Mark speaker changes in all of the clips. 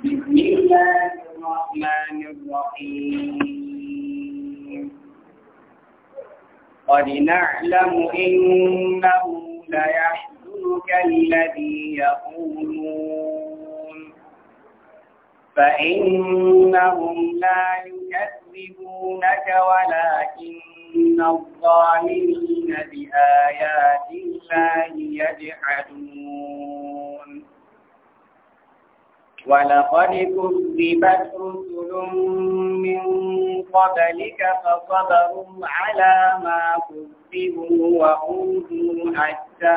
Speaker 1: بسم الله الرحمن الرحيم قد نعلم إنه ليحزنك الذي يقولون فإنهم لا يكذبونك ولكن الظالمين بآيات الله يجحدون ولقد كذبت رسل من قبلك فصبروا على ما كذبوا وأوذوا حتى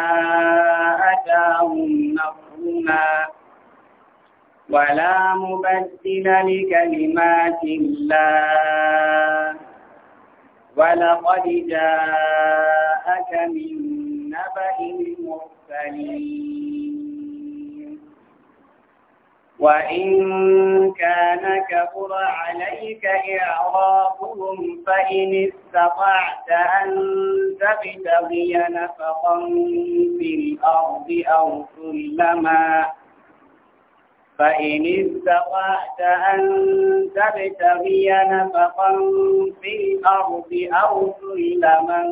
Speaker 1: أتاهم نصرنا ولا مبدل لكلمات الله ولقد جاءك من نبأ المرسلين وإن كان كبر عليك إعرابهم فإن استطعت أن تبتغي نفقا في الأرض أو سلما فإن استطعت أن تبتغي نفقا في الأرض أو سلما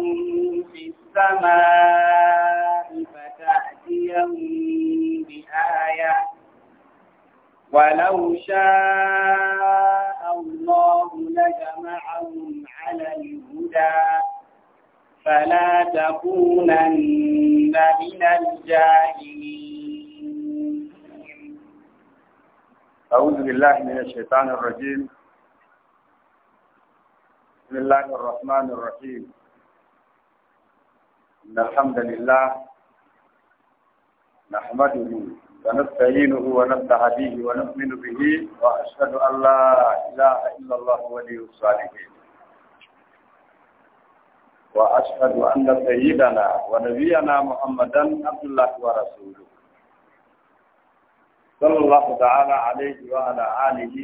Speaker 1: في السماء فتأتيهم بآية ولو شاء الله لجمعهم على الهدى فلا تكونن من الجاهلين
Speaker 2: أعوذ بالله من الشيطان الرجيم بسم الله الرحمن الرحيم إن الحمد لله نحمده ونستعينه به ونؤمن به وأشهد أن لا إله إلا الله ولي الصالحين وأشهد أن سيدنا ونبينا محمدا عبد الله ورسوله صلى الله تعالى عليه وعلى آله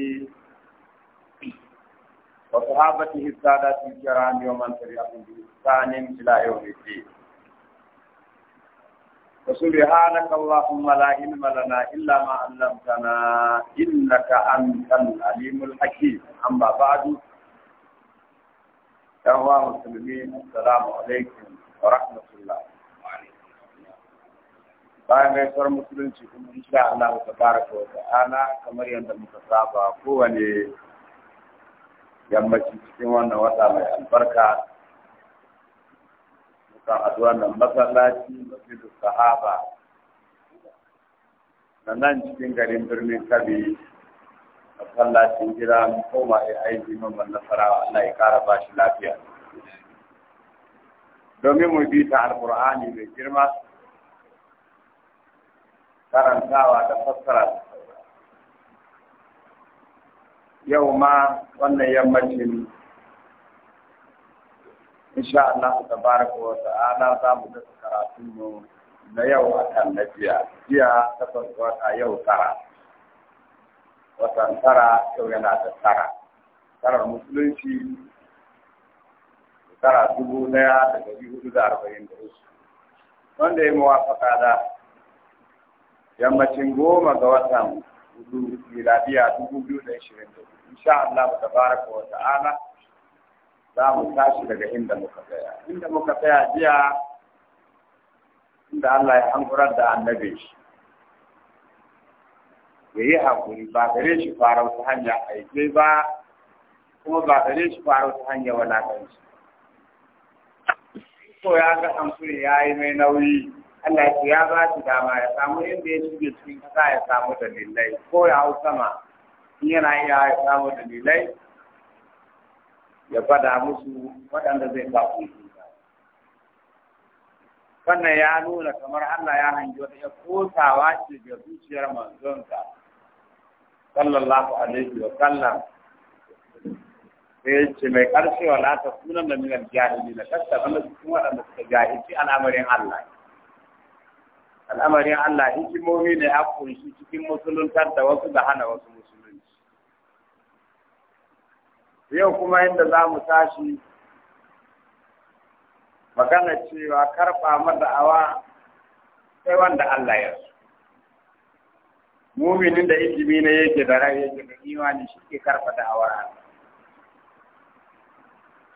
Speaker 2: وصحابته السادات الكرام ومن تبعهم بإحسان إلى يوم الدين وسبحانك اللهم لا علم لنا إلا ما علمتنا إنك أنت العليم الحكيم أما بعد يا مسلمين السلام عليكم ورحمة الله bayan gaisuwar musulunci kuma insha Allah ta baraka wa ta'ala kamar yadda muka saba kowane yammaci cikin wannan wata mai albarka ka wannan masallaci masjidu sahaba na nan cikin garin birnin kabi masallacin gida mu koma ya aiki mamban nasarawa Allah ya kara ba shi lafiya domin mu bi ta alƙur'ani mai girma karantawa da fassara yau ma wannan yammacin insha Allah tabaraka wa ta'ala za mu da karatu mu na yau a akan lafiya jiya ta farko wata yau tara watan tara yau yana da tara tarar musulunci tara dubu daya da dari hudu da arba'in da uku wanda ya mawafaka da yammacin goma ga watan hudu miladiya dubu biyu da ashirin da hudu insha Allah tabaraka wa ta'ala za mu tashi daga inda muka tsaya inda muka tsaya jiya inda Allah ya hankurar da annabe shi ya yi haƙuri ba gare shi fara wata hanya aike ba kuma ba gare shi fara wata hanya shi ko ya ga hankuri ya yi mai nauyi Allah ce ya ba shi dama ya samu inda ya shige cikin kasa ya samu dalilai ko ya hau sama yana iya ya samu dalilai ya fada musu waɗanda zai ba ku wannan ya nuna kamar Allah ya hangi wata ya kosawa ce ga zuciyar manzonsa sallallahu alaihi wa sallam sai ya ce mai ƙarshe wa lata sunan da minar jahili na kasta wanda kuma waɗanda suka jahilci al'amarin Allah al'amarin Allah hikimomi ne a kunshi cikin musuluntar da wasu da hana wasu musu. yau kuma yadda za mu tashi magana cewa karɓa awa sai wanda Allah ya su Muminin da ilimi ne yake da rai yake da imani shi ke karɓa da'awar Allah.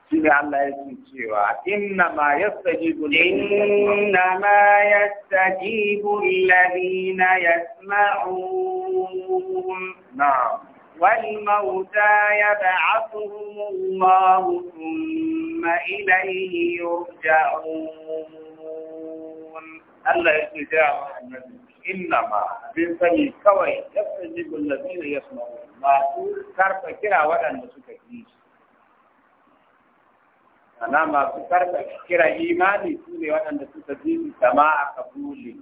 Speaker 2: Shi ne Allah ya ce cewa inna ma yastajibu inna
Speaker 1: ma yastajibu alladhina yasma'un. Na'am. والموتى يبعثهم الله ثم إليه يرجعون الله يستجاب إنما من بالفني كوي يستجيب
Speaker 2: الذين يسمعون ما كرف كرا ودن سكتيش أنا ما كرف كرا إيماني سوني ودن سكتيش سماع قبولي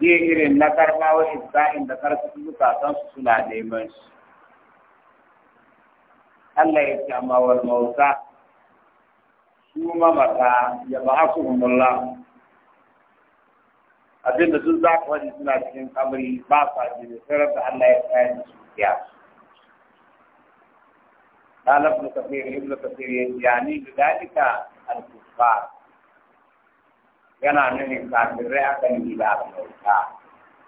Speaker 2: yi irin na karnawa isba'in da karfin zukatan su suna neman shi Allah ya ce amma wal mauta su mamata ya ba su humullah abinda sun za ku wani suna cikin kamari ba sa da sai da Allah ya kayan da su kiya قال ابن كثير ابن da dalika al-kufar. yana nuni kafirai akan gida da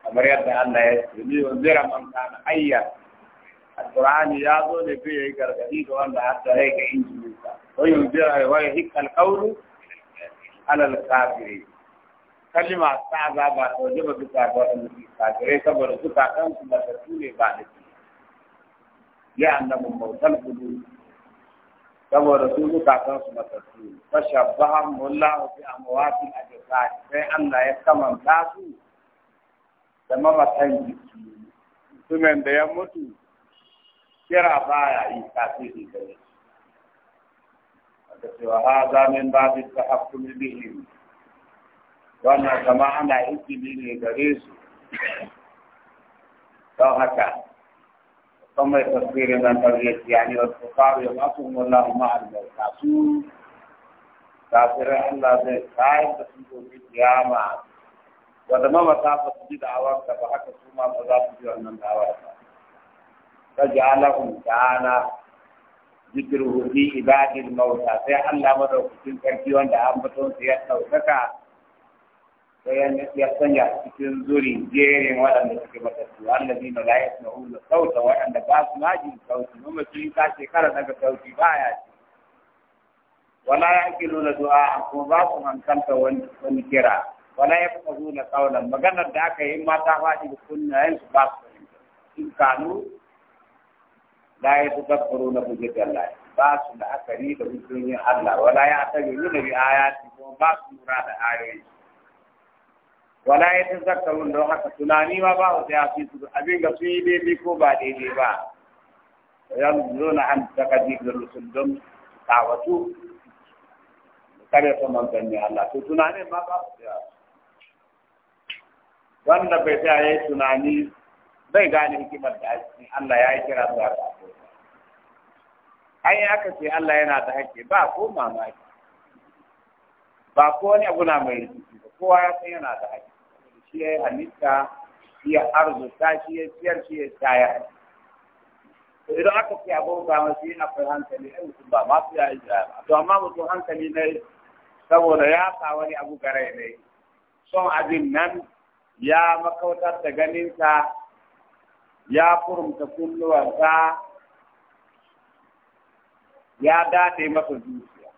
Speaker 2: kamar yadda Allah ya ce ni zira ya zo ne gargadi da yake injinin za ba ta waje ba duka ga wanda su kafirai saboda duka kan su ba ta tune ba da ya annabi saboda su zukatan su matattu fashabbaha mullahu bi amwati al-ajsad sai Allah ya kamanta su da mamatan jiki mutumin da ya mutu kira baya yi tasiri da shi da ha za min ta tahakkul bihim wannan kama ana ikili ne gare su don haka kuma ya tasiri zan tarihi tiyani wa tsari ya masu mulla ma albarka su kafirin allah zai kayan da sun zoji kiyama wadda mamata ba su ji da'awar ka ba haka su ma ba za su ji wannan da'awar ka ta ji alahun ta'ana jikin rubi ibadin mauta sai allah madaukakin karfi wanda an fito su ya ɗaukaka sai ya sanya cikin zuri jerin waɗanda suke matattu allazi na la yasma'u da sauta waɗanda ba su ma jin sauti Mun mamaci ka shekara daga sauti ba ya ci wala yaqilu la du'a kuma ba su hankalta wani kira wala yafqahu la qawlan maganar da aka yi mata faɗi da kunnayen su ba su fahimta in kanu la yatadabbaruna hujjatallahi ba su da akari da hujjojin Allah wala ya ya'tabiru bi ayati kuma ba su lura da ayoyi wala ya ta zakarun don haka tunani ma ba su ya fi su abin ga sun yi daidai ko ba daidai ba yan zona an daga jigar rusul don kawatu kare ta manzanni Allah to tunanin ma ba su ya wanda bai ta yi tunani bai gane hikimar da ake Allah ya yi kira zuwa ta ai aka ce Allah yana da hakki ba ko mamaki ba ko wani abu na mai rikici ba kowa ya san yana da hakki shi ya yi halitta shi ya ta shi ya ciyar shi ya shayar idan aka ce abin ba masu yin akwai hankali ai mutum ba ma su ya ba to amma mutum hankali ne saboda ya sa wani abu gare ne son abin nan ya makautar da ganinsa ya kurumta ta ya dade masa zuciya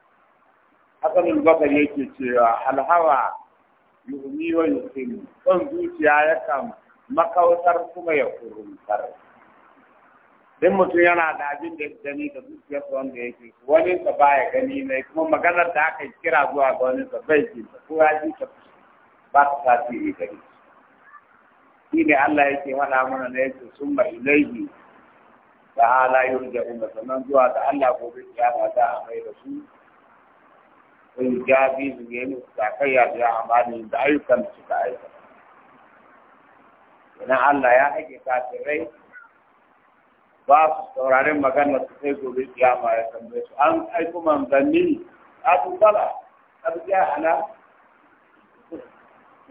Speaker 2: hasanul bakari yake cewa alhawa yuhni wa yuqim son zuciya ya kan makautar kuma ya kuruntar din mutum yana da abin da gani da zuciyar wanda yake wani sa baya gani ne kuma maganar da aka kira zuwa ga wani sa bai ji ko ya ji ta ba ta ne gari
Speaker 1: shi ne Allah
Speaker 2: yake faɗa mana na yake sun mai da ala sannan zuwa ga Allah gobe ya da a mai da su sai ya bi su ya yi sakayya da amani da ayyukan da suka aika Ina Allah ya haƙe kafirai ba su sauraren magana su sai gobe kiyama ya tambaye su an aiko manzanni abu bala abu ja ala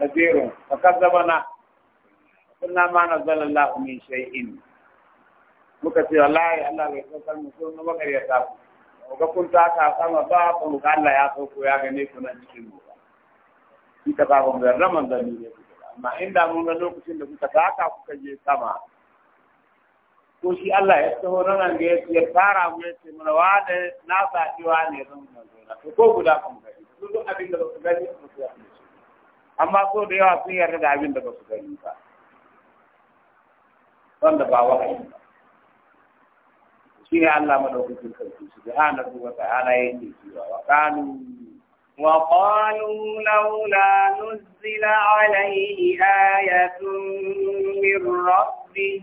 Speaker 2: nazirun fa kazzabana kunna ma nazzala Allah min shay'in muka ce wallahi Allah bai saukar mu sun makariyata ku ga kun taka sama ba kun ga Allah ya sauko ya gane ku nan cikin mu ita ba kun ga raman da ni amma inda mun ga lokacin da kuka taka kuka je sama ko shi Allah ya taho ranan ga ya fara mu ya ce mana wa da na sakiwa ne zan zo to ko guda kun ga duk abin da ba su gani su yi amma ko da yawa sun yarda da abin da ba su gani ba wanda ba wahayi ba فيها علامة وكتب سبحانه وتعالى وقالوا
Speaker 1: وقالوا لولا نزل عليه آية من ربه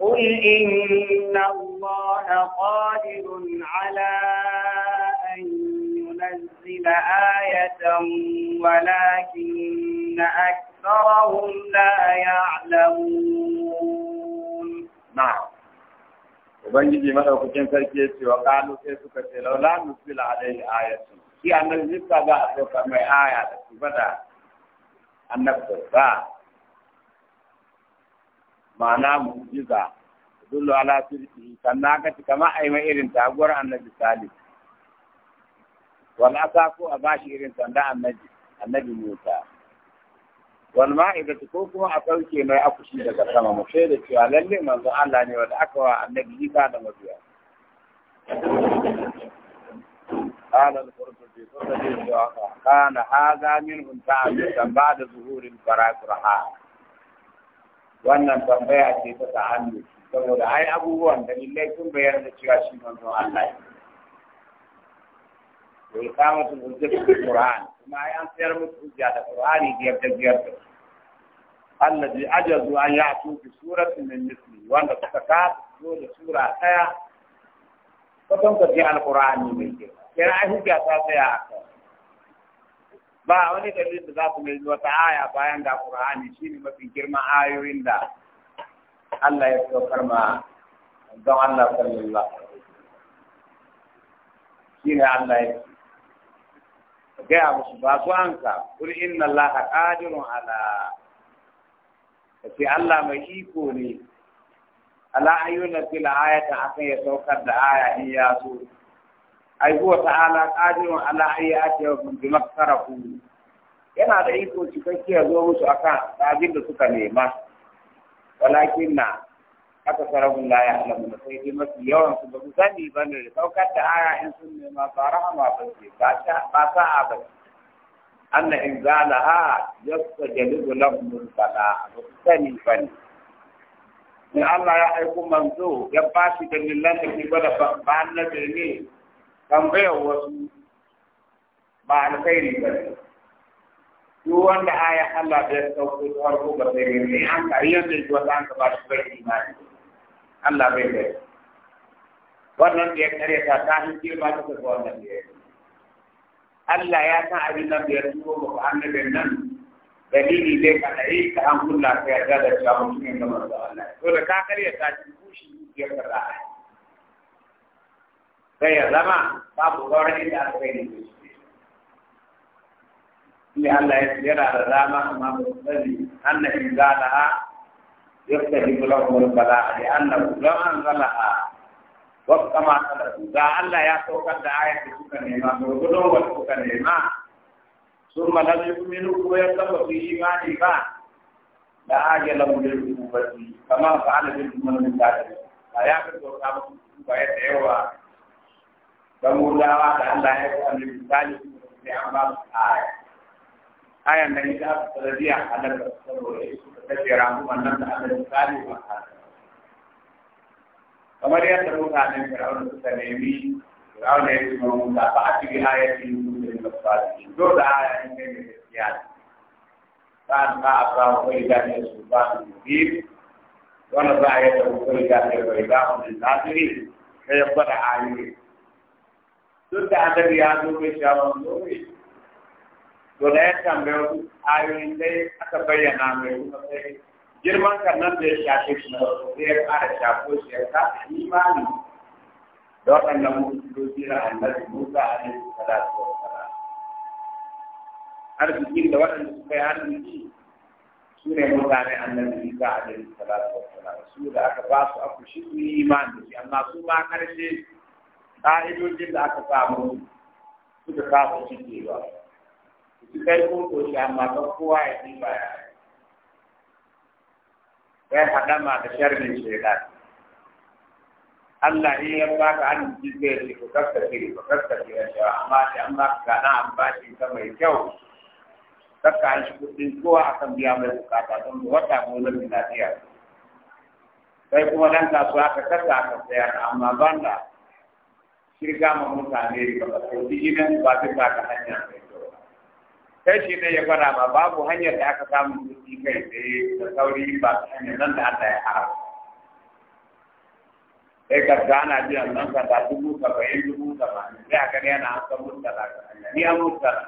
Speaker 1: قل إن الله قادر على أن ينزل آية ولكن أكثرهم لا يعلمون
Speaker 2: نعم ubangiji madaukakin sarki ya ce wa ƙalu sai suka ce laula nusila alaihi ayatu shi annabi Isa za a sauka mai aya da su bada annabi ba ma'ana mu'jiza dullu ala sirri sannan ka ci kama yi mai irin taguwar annabi salih wani asa ko a bashi irin sanda annabi annabi Musa wal ma'idatu ko kuma a sauke mai akushi daga sama mu Sai da cewa lalle manzo Allah ne wanda aka wa annabi Isa da mabiya قال القرطبي قرطبي كان هذا منهم da zuhurin ظهور البراءة wannan tambaya ce ta hannu. saboda ai abubuwan dalilai sun bayyana da cewa shi manzon Allah ne. Wai kamatul hujjatul Qur'an kuma ya sayar musu hujja da Qur'ani biyar da biyar da allazi ajazu an ya'tu bi suratin min misli wanda suka ka zo da sura daya kwatan ka ji alqur'ani mai ke kira ai hujja ta tsaya akan ba wani dalilin za ku mai wata aya bayan da kur'ani. shine mafi girma ayoyin da Allah ya saukar ma don Allah sallallahu alaihi ka gaya musu ba su an ka kul inna allaha ƙadirun ala ce Allah mai iko ne ala ayyuna fila ayata akan ya saukar da aya in ya so ai huwa ta'ala ƙadirun ala ayati wa bi makkarahu yana da iko cikakke ya zo musu akan abin da suka nema walakin na aka sarahun la ya alamu da sai dai mafi yawan su ba su sani ba ne da saukar da aya in sun nema ba rahama ba ce ba sa'a ba ce anna in zalaha yasta jalibu lahum bala ba su sani ba ne in Allah ya aiko manzo ya ba shi dalilan da ke gwada ba annabi ne tambayar wasu ba alkhairi ba ne duk wanda aya Allah da ya sauko ta harko ba sai ne an kariyar da shi wata an ka ba shi bai imani Allah bai bai wannan da ya kare ta ta hanke ba ta ga wannan da ya Allah ya san abin nan da ya turo muku annabin nan dalili dai ka dai ka an kulla ka yarda da cewa mutumin da manzo Allah to da ka kare ta ci kushi ya fara sai ya zama babu gaurin da aka yi ne ne Allah ya tsira da dama amma ba sani annabi zalaha يختلف لهم البلاء لأنه لو أنزلها وقت ما سلفوا دا الله يا سوكا دا آية سوكا نيما وغلو وسوكا نيما ثم لم يؤمنوا ويرتبوا في إيمان ما لا حاجة لهم للعقوبة كما فعل بهم من بعد لا يعرف وكما ويدعوا فمولا دا الله يا من بعد في أمام الآية آية نيجا تربية على الصبر take ramu nan da Allah ya kare ba kamar yadda mutanen Fir'auna suka nemi Fir'auna ya ce Musa fa a cikin ayatin Musa da Fasali dole ayatin ne da gaskiya kan ka afra ko ida ne su ba su bi wannan za a yi da ko ida ne ko ida ko da duk da annabi ya zo to da ya tambaya su ayoyin dai aka bayyana mai kuma sai girman kan nan da ya shafe shi na wasu sai ya ƙara shafo shi ya kasa imani da waɗannan mutuloji na annabi Musa alaihi salatu wa salam arzikin da waɗanda suka yi arziki su ne mutane annabi Isa alaihi salatu wa salam su da aka ba su aku shi su yi imani da shi amma su ma ƙarshe ƙa'idojin da aka samu suka kafa ba. kai kun koshi amma don kowa ya yi ba ya kai haɗama da sharrin shaidan Allah in ni baka ka zai ce ko ka ku kaskace ya ja amma sai an ka na an bashi ka mai kyau kakka ka shi ko a kan biya mai bukata don wata mu na lafiya kai kuma dan kasuwa ka kasa ka ya amma banda shirga ma mutane ba ka ji gidan ba ta ka hanya ne sai shi ne ya fara ma babu hanyar da aka samu kuɗi kai tsaye da sauri ba ta hanyar nan da Allah ya haram. sai ka gana biyan nan ka ta dubu saba'in dubu saba'in sai a gani yana an san mutala ka ni an mutala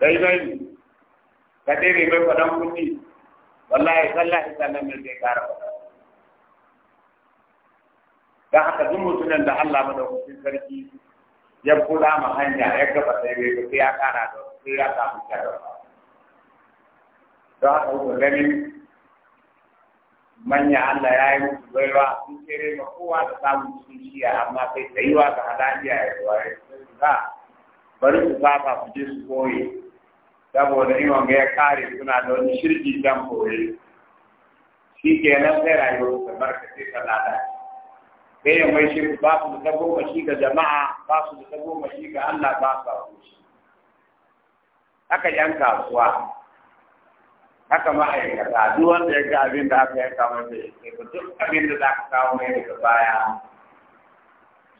Speaker 2: dai dai ka dai mai faɗan kuɗi wallahi sallahi nan mai zai kara faɗa. da haka duk mutumin da Allah madaukakin sarki ya kula ma hanya ya gaba sai bai sai ya kara da sai ya samu sharra don haka kuka gani manya Allah ya yi musu baiwa sun kere ma kowa da samun tushiya amma sai tsayuwa ga halaliya ya zuwaye za bari su saba su je su koyi saboda in wanga ya kare suna da wani shirki dan koyi shi ke kenan sai rayuwar su barka sai ta lalace sai mai shi ba su da tagomashi ga jama'a ba su da tagomashi ga Allah ba su shi. haka yan kasuwa haka ma'aikata duk wanda ya ga abin da aka yanka mai da ya duk abin da za ka kawo mai daga baya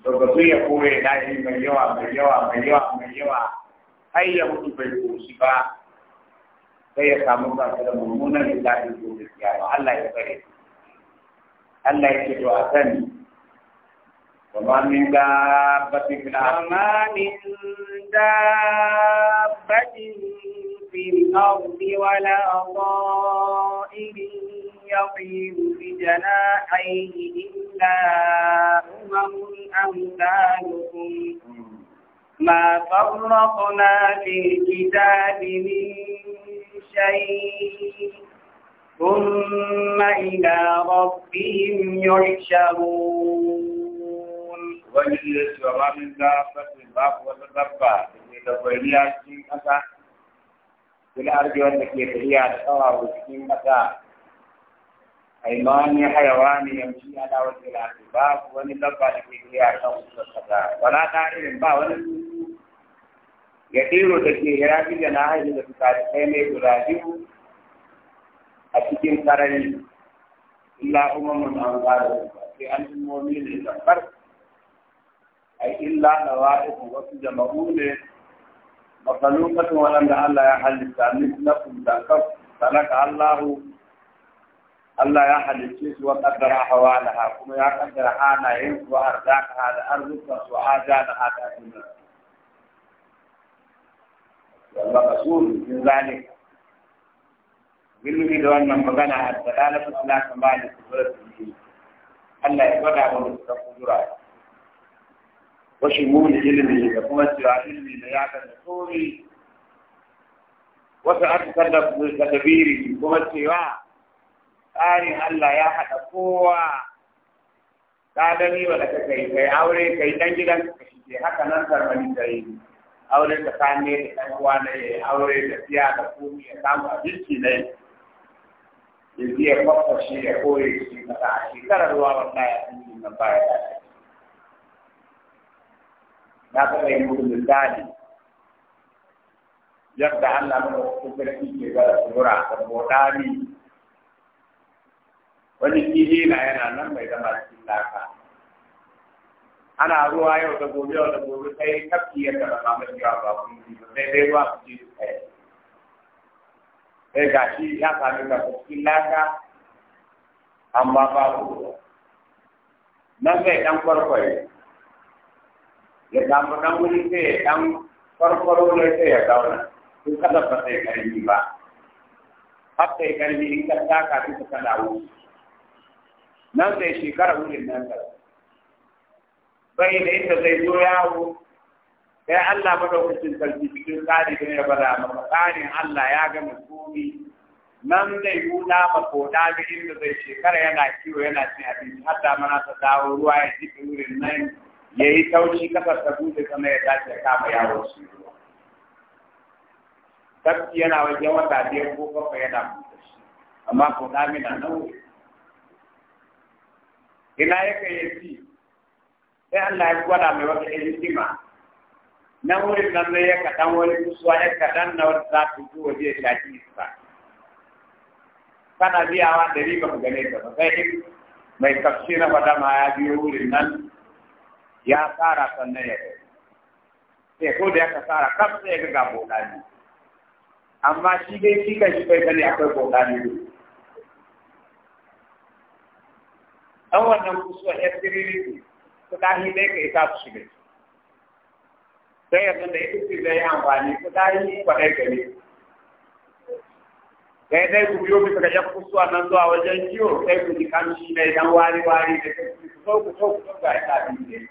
Speaker 2: lokacin ya koya daji mai yawa mai yawa mai yawa mai yawa har ya mutu bai koshi ba sai ya samu kansa da mummunan da daɗin gobe kiyama Allah ya tsare Allah ya ce to a sani وما من دابة في الأرض وما
Speaker 1: من دابة في الأرض ولا طائر يطير بجناحيه إلا أمم أمثالكم ما فرقنا في الكتاب من شيء ثم إلى ربهم يحشرون ubangiji ya ce wa ma min dabbatin babu wata dabba da ke da
Speaker 2: bayaniya cikin ƙasa fil ardi wanda ke tafiya da tsawawo cikin ƙasa aimani hayawani yamshi ala wajhi al-ardi babu wani dabba da ke tafiya kan ƙasa wala ta irin ba wani ya tiro da ke hirafi da na haihu da fikafikai mai guda biyu a cikin sarari illa umamun an ba da sai an umomi ne da farko ai illa da wasu jama'u ne makalukatun waɗanda Allah ya halitta mislakum da kaf sanaka Allahu Allah ya halicce su wa kaddara hawalaha kuma ya kaddara yin su wa arzaka da arzukan su da hada dunya wal rasul min zalika
Speaker 1: bilmi da wannan
Speaker 2: magana a dalalatu ala kamali suratul Allah ya gwada wa mutakura wa shimul ilimi da kuma cewa ilimi da ya da tsori wasu aka kada da dabiri kuma cewa tsarin Allah ya haɗa kowa ta dani wanda ka kai kai aure kai dan gidan ka shige haka nan tarmani da yi aure ka kane da dan uwa ne aure da siya da komi ya samu abinci ne ya biya ya koyi shi ka ta shekarar ruwa wanda ya fi yin nan baya da na taɓa yi muku misali yadda Allah mana wasu sarki ke ga tsura da bodami wani kihi na yana nan mai zama cikin laka ana ruwa yau da gobe yau da gobe sai kafki ya taɓa mamar yawa ba kun ji ba sai dai ba ku ji su kai sai ga shi ya sami ka cikin laka amma babu nan zai ɗan kwarkwari ya samu dan wuri sai ya dan ya zauna in kada ba sai ba har sai in ka taka duka ka dawo nan sai shekara wurin nan da bai da ita zai zo yawo sai Allah madaukakin sarki cikin tsari da ya bada maka tsarin Allah ya ga mutumi nan zai huda ma ko birin da zai shekara yana kiwo yana cin abinci hatta mana ta dawo ruwa ya ji wurin nan ya yi taushi kasar ta bude sama ya dace ya kama yawon shi tafki yana wajen wata biyar ko bakwai yana bude shi amma ko dami na nauyi ina ya kai ya sai Allah ya gwada mai wata hikima na wurin nan ne ya kaɗan wani kusuwa ya kaɗan na wata za ta ji waje ya shaƙi iska kana biyawa dari ba ku gane ta ba sai mai na fada ma ya biyo wurin nan ya tsara sannan ya rai sai ko da ya ka tsara kaf sai ya ga bodani amma shi dai shi kan shi bai gani akwai bodani ne dan wannan kusuwa ya sirri su dahi dai ka isa su shiga sai ya san da ita ce yi amfani su dahi kwaɗai gari sai dai ku biyo bisa ga yan kusuwa nan zuwa wajen kiwo sai ku ji kamshi na idan wari wari da ku so ku so ku so ga ita ne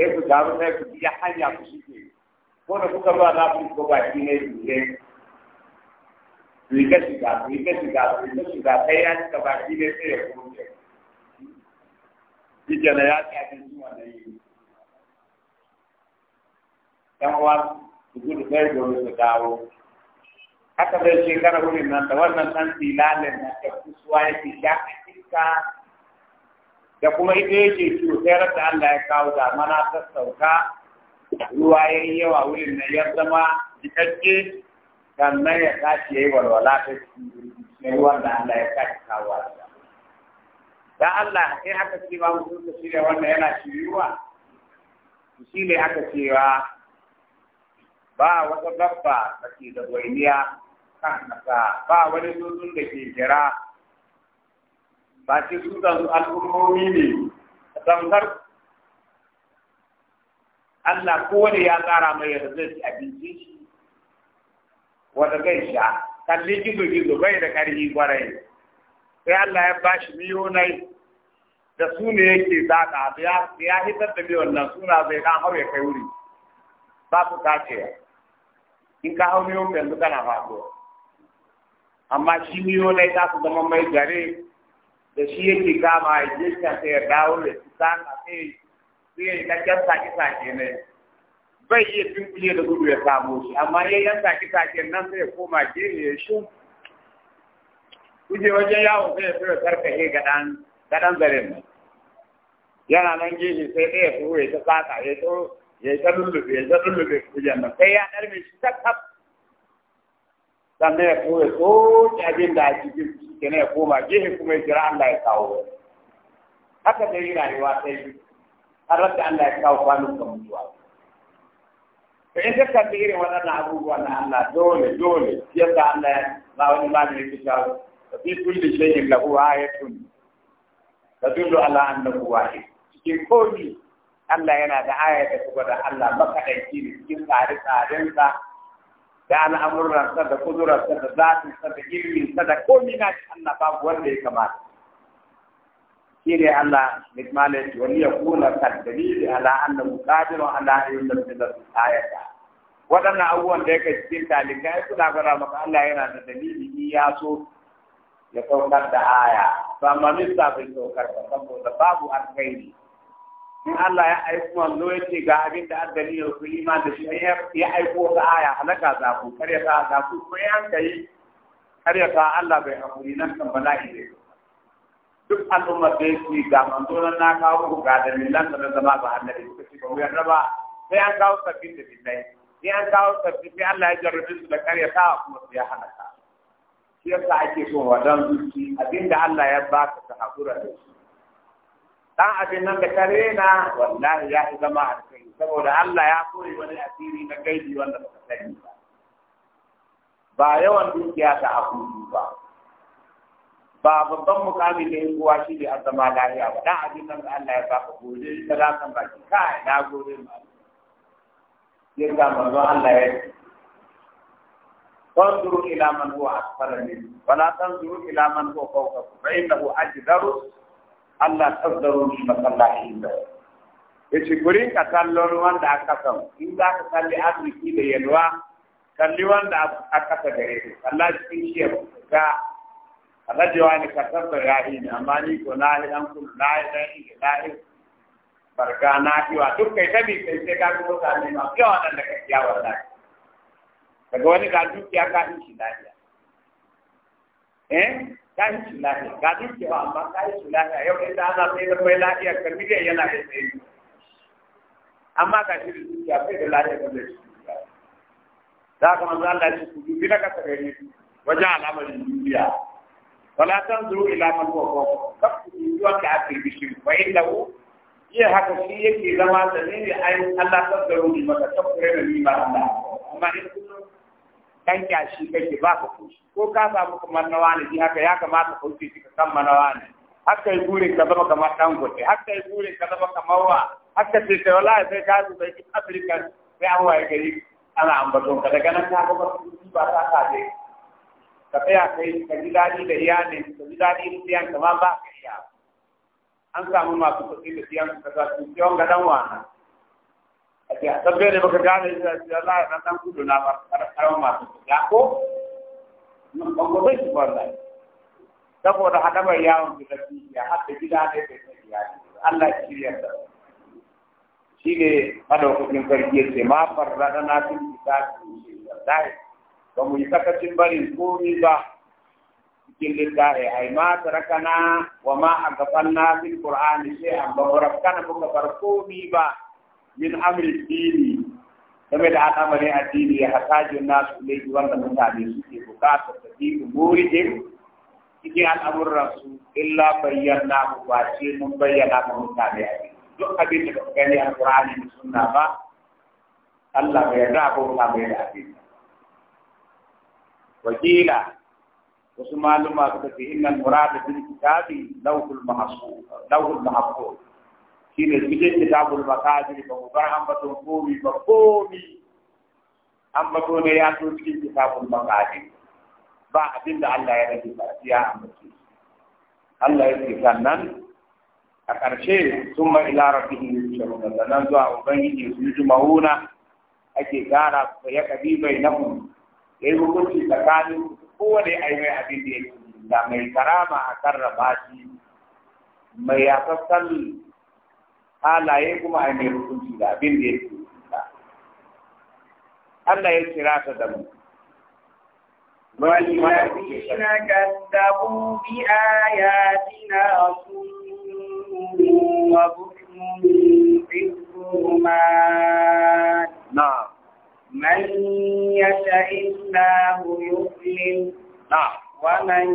Speaker 2: sai ku taru sai ku biya hanya ku ko kuka ba na ku ko baki ne dole yi ka shiga ku yi ka shiga ku yi ka shiga sai ya cika baki ne sai ya kuma ke shi ya ya ci abinci yi yan uwa haka zai shekara wurin nan da wannan ɗan filalin na ta kusuwa ya ya da kuma ita yake ciwo sai rasa Allah ya kawo da mana ta sauka ruwa ya yi yawa wurin nan ya zama jikakke sannan ya tashi ya yi walwala ta cikin
Speaker 1: ruwan da Allah ya tashi kawo da da Allah sai haka ce ba mu mutum ta shirya wannan yana shiriwa shi ne aka cewa
Speaker 2: ba wata dabba da ke da gwainiya kan ba wani tsuntsun da ke jira ba ce su al'ummomi ne zamtar Allah ko wani ya tsara mai yarda shi abinci shi wata zai sha kalli gizo gizo bai da ƙarfi gwarai sai Allah ya ba shi miyonai da su ne yake zaƙa ya hitar da miyon nan suna zai kan hau ya kai wuri ba su kacewa in ka hau miyon yanzu kana faɗo amma shi miyonai za su zama mai gare da shi yake kama ya je shi sai ya dawo da shi sana sai sai ya yankan sake sake ne bai iya dunkule da gudu ya samu shi amma ya yan sake sake nan sai ya koma gefe ya shi kuje wajen yawo sai ya fura sarkahe ga dan ga dan zaren nan yana nan gefe sai ɗaya furo ya ta saka ya to ya ta lullube ya ta lullube kujen nan sai ya ɗarme shi ta kaf sannan ya koya soke abin da a cikin kenan ya koma gehe kuma ya jira Allah ya kawo haka da yi rayuwa sai yi har da Allah ya kawo kwanukan mutuwa to in ka kalli irin waɗannan abubuwa na Allah dole dole yadda Allah ya ba wani malami ya kawo fi kulli shay'in lahu Allah an ala annahu wahid cikin komi Allah yana da aya da kuma da Allah makaɗaici ne cikin tsare-tsarensa da al'amuransa da kudurarsa da zatinsa da ilminsa da komi na shi Allah babu wanda ya kamata shi ne Allah nikmalin wani ya kuna kaddani da ala annan mukadirun ala ayyun da su da su ayata waɗannan abubuwan da yake cikin talibai suna gwada maka Allah yana da dalili in ya so ya saukar da aya to amma bai saukar ba saboda babu alkhairi in Allah ya aiko manzo ya ce ga abin da addani ya ku iman da shi ya aiko ga aya halaka za ku kare ta za ku ko kai kare ta Allah bai hakuri nan kan bala'i ne duk al'umma da yake ga manzo na kawo ku ga nan da na zama ba annabi suka ce ba wuyar raba sai an kawo sabbin da billahi sai an kawo sabbin sai Allah ya jarrabe su da kare ta kuma su ya halaka shi yasa ake so wadan zuci abinda Allah ya baka ta hakura da shi dan abin nan da kare na wallahi ya fi zama a alkai saboda Allah ya koyi wani asiri na gaibi wanda ba ka sani ba ba yawan dukiya ta akutu ba ba babban mukami ne kowa shi ne an zama lafiya ba dan abin nan da Allah ya baka gode da za ka baki kai na gode ma yadda manzon Allah ya ce تنظروا إلى من هو أكثر منكم ولا تنظروا إلى من هو فوقكم فإنه أجدر Allah tasdaru shi masallaci da yace ku rinka kallon wanda aka san in za ka kalli arziki da yalwa kalli wanda aka ta gare ku kalla cikin shi ga alajewa ne ka tasdar rahi ne amma ni ko na yi dan kullu na yi dan yi na yi barka na yi wa duk kai tabi kai sai ka kuma sami ma fiye waɗanda ka kiya wallahi daga wani ga dukiya ka in shi lafiya eh ka yi sulahi ga din cewa amma ka yi sulahi a yau inda ana sai da kai lafiya karbi da yana da tsaye amma ka shi da zuciya sai da lafiya da zai zuciya za ka manzo Allah shi ku dubi daga sarari wajen al'amarin duniya wala tanzuru ila man huwa fawqa kafu yuwa ka akil bishir fa innahu iya haka shi yake zama da ne ai Allah tanzuru ni kan kyashi kake ba ka kushi ko ka samu kamar na wani ji haka ya kamata ka wuce ka san mana wani haka yi burin ka zama kamar dangote haka yi burin ka zama kamar wa haka ce ta wallahi sai ka zo sai afirka sai an waye gari ana ambaton ka daga nan ka ga ba ba ta ka dai ka tsaya kai ka ji daɗi da iyalin ka ji daɗi da iyan ka ma ba ka iya an samu masu kuɗi da iyan ka za su ciwon ga dan wani sabbe baka gane shi sai kudu na ba karawa ma ya ko saboda hadaba yawon da kake ya hadda gida ne da kake ya Allah ya da shi ne madaukakin sarki ya ce ma na fi ba mu yi sakacin barin komi ba cikin ai ma tarakana wa ma agafalna fil qur'ani shay'an ba mu muka bar komi ba min amri dini game da al'amari addini ya hataji nasu ne wanda mutane suke bukatar da dini muridin cikin al'amuran su illa bayyana mu ba ce mun bayyana mu mutane a duk abin da ka gani a da Sunna ba Allah bai yarda ko ta bai da wakila wasu maluma suka ce innal murad bil kitabi lawhul mahfuz lawhul mahfuz shi ne cikin kitabul makajiri ba mu bar ambaton komi ba komi ambato ne ya so cikin kitabul makajiri ba abin da Allah ya rage ba ya ambace Allah ya ce sannan a ƙarshe sun ma ila rabbihim yusharuna sannan zuwa ubangiji su yi juma'una ake gara su ya kabi bai na mu yayi hukunci tsakanin kowane ai mai abin da yake da mai karama a karraba shi mai yafassan halaye kuma a mai hukunci da abin da ya ke Allah ya kira ta da mu. والذين
Speaker 1: كذبوا بآياتنا صم وبكم في الظلمات نعم من يشاء الله يظلم نعم ومن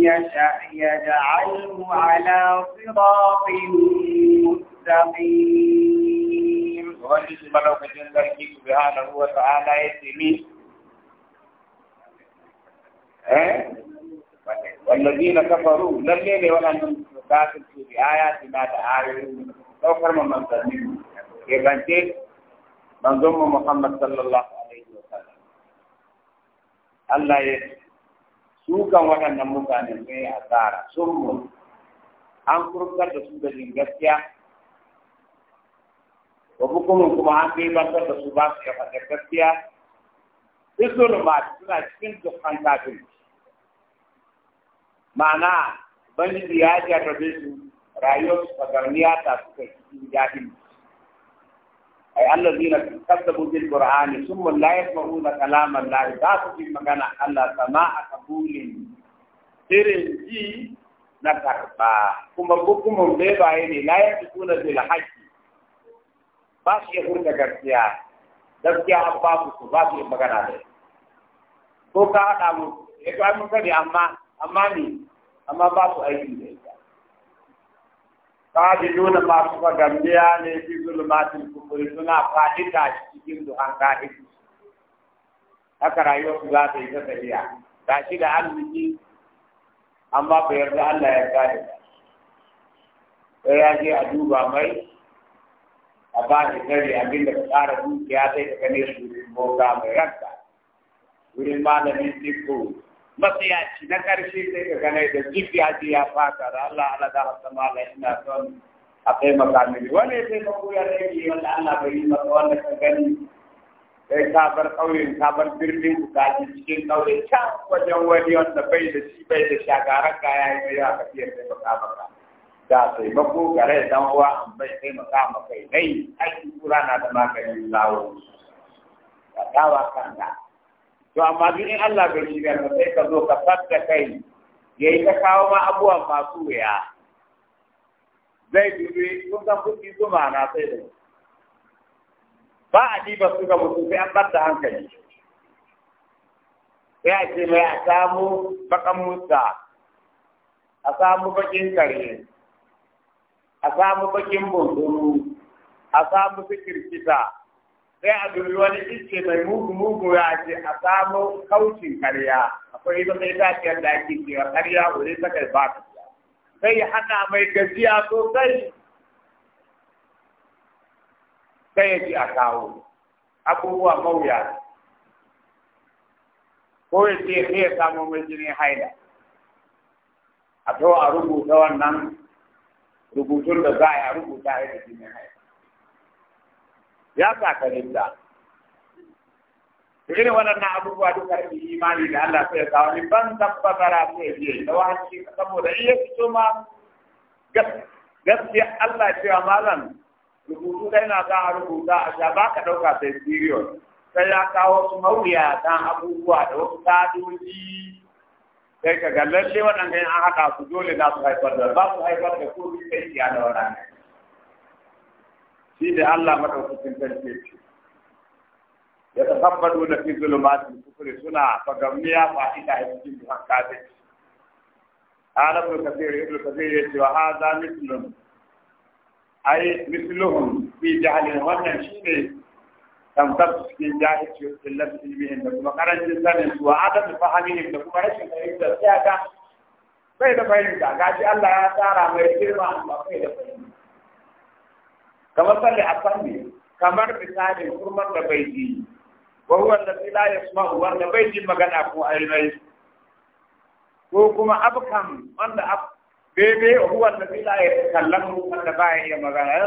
Speaker 1: يشاء يجعله على صراط مستقيم مستقيم وأن الملوك جنزل سبحانه وتعالى
Speaker 2: يتمين والذين كفروا لم يلي ولا نمسكاتل في بآياتنا تعالى لو فرما من ظلمين يبنتين من ضم محمد صلى الله
Speaker 1: عليه وسلم
Speaker 2: الله يتمين sukan waɗannan mutane ne a tsara sun an kurkar da su da gaskiya wa hukumun kuma an kai bantar da su ba su da fatar gaskiya isul ma suna cikin dukkan kafin ma'ana banji ya jarrabe su rayuwar su fagarniya ta suka cikin jahil ay allazina kazzabu bil qur'ani summa la yasma'una kalam allah ba su yi magana allah sama'a qabulin irin ji na karba kuma hukumun bai baye ne la yasma'una bil haqqi ba su iya furta gaskiya gaskiya an ba su ba su yi magana da ko ka haɗa mu ya to mun sani amma amma ne amma ba su aiki da ita ka ji nuna ba su gambiya ne fi zulmatin kufuri suna faɗi ta cikin duhan ka'idi haka rayuwar su za ta yi ta tafiya ga shi da arziki amma bai yarda Allah ya kare ba sai ya je a duba mai a ba shi gari abin da tsara dukiya sai ka gane su wurin boga mai ranka wurin malamin tiko matsiyaci na ƙarshe sai ka gane da dukiya ce ya fata da Allah ala da hasa mala ina son a taimaka mini wani ya taimako ya rage wanda Allah bai yi masa wanda ka gani sai ka bar ƙauyen ka bar birnin ku ka ji cikin ƙauye can wajen wani wanda bai da shi bai da shagaran kaya ya yi ya ka fiye taimaka maka. da taimako gare da dan uwa an bai taimaka ma kai dai aiki kura na da maganin lawo ka dawa kanka to amma duk in Allah bai shi ga sai ka zo ka fadda kai yayi ka kawo ma abubuwan masu wuya zai dubi kun ga kuɗi zuma na sai da ba a diba su ga mutum sai an bar da hankali sai a ce mai a samu bakan mutsa a samu bakin kare a samu bakin bunsuru a samu sikirkita sai a duri wani iske mai mugu mugu ya ce a samu kaucin karya akwai ita mai tafiyar da ake cewa karya wuri ta kai ba ta sai ya hana mai gajiya sosai sai ya ji a kawo abubuwa mawuya ko ya ce sai ya samu mai jini haila a to a rubuta wannan rubutun da za a rubuta ya da jinin haihuwa ya sakarin da irin waɗannan abubuwa duk karfi imani da Allah sai ya kawo ni ban tabbata sai biye da wahanci saboda iya fito ma gaskiya Allah cewa malam rubutu dai na za a rubuta a sha ba ka ɗauka sai siriyon sai ya kawo su mawuyatan abubuwa da wasu kadoji sai ka ga lalle waɗanda an haɗa su dole za su haifar da za su haifar da ko bi sai ya da wannan shi da Allah madaukakin sarki ce ya tasabbadu da fi zulumatin kufri suna fagamniya fa ita a cikin duhan kafirci قال ابن كثير ابن ce wa hada mislum ai mislum fi jahalin wannan shine tamsar cikin jahilci illar ilmihin da kuma karancin sanin su wa adam da fahimihim da kuma rashin fahimta, sai ga bai da fahimta gashi Allah ya tsara mai girma a bai da fahimta kamar salli a sanni kamar misalin kurmar da bai ji wa huwa allazi la yasma'u wanda bai ji magana ko ainihi ko kuma abkam wanda ab bebe huwa allazi la yakallamu wanda ba iya magana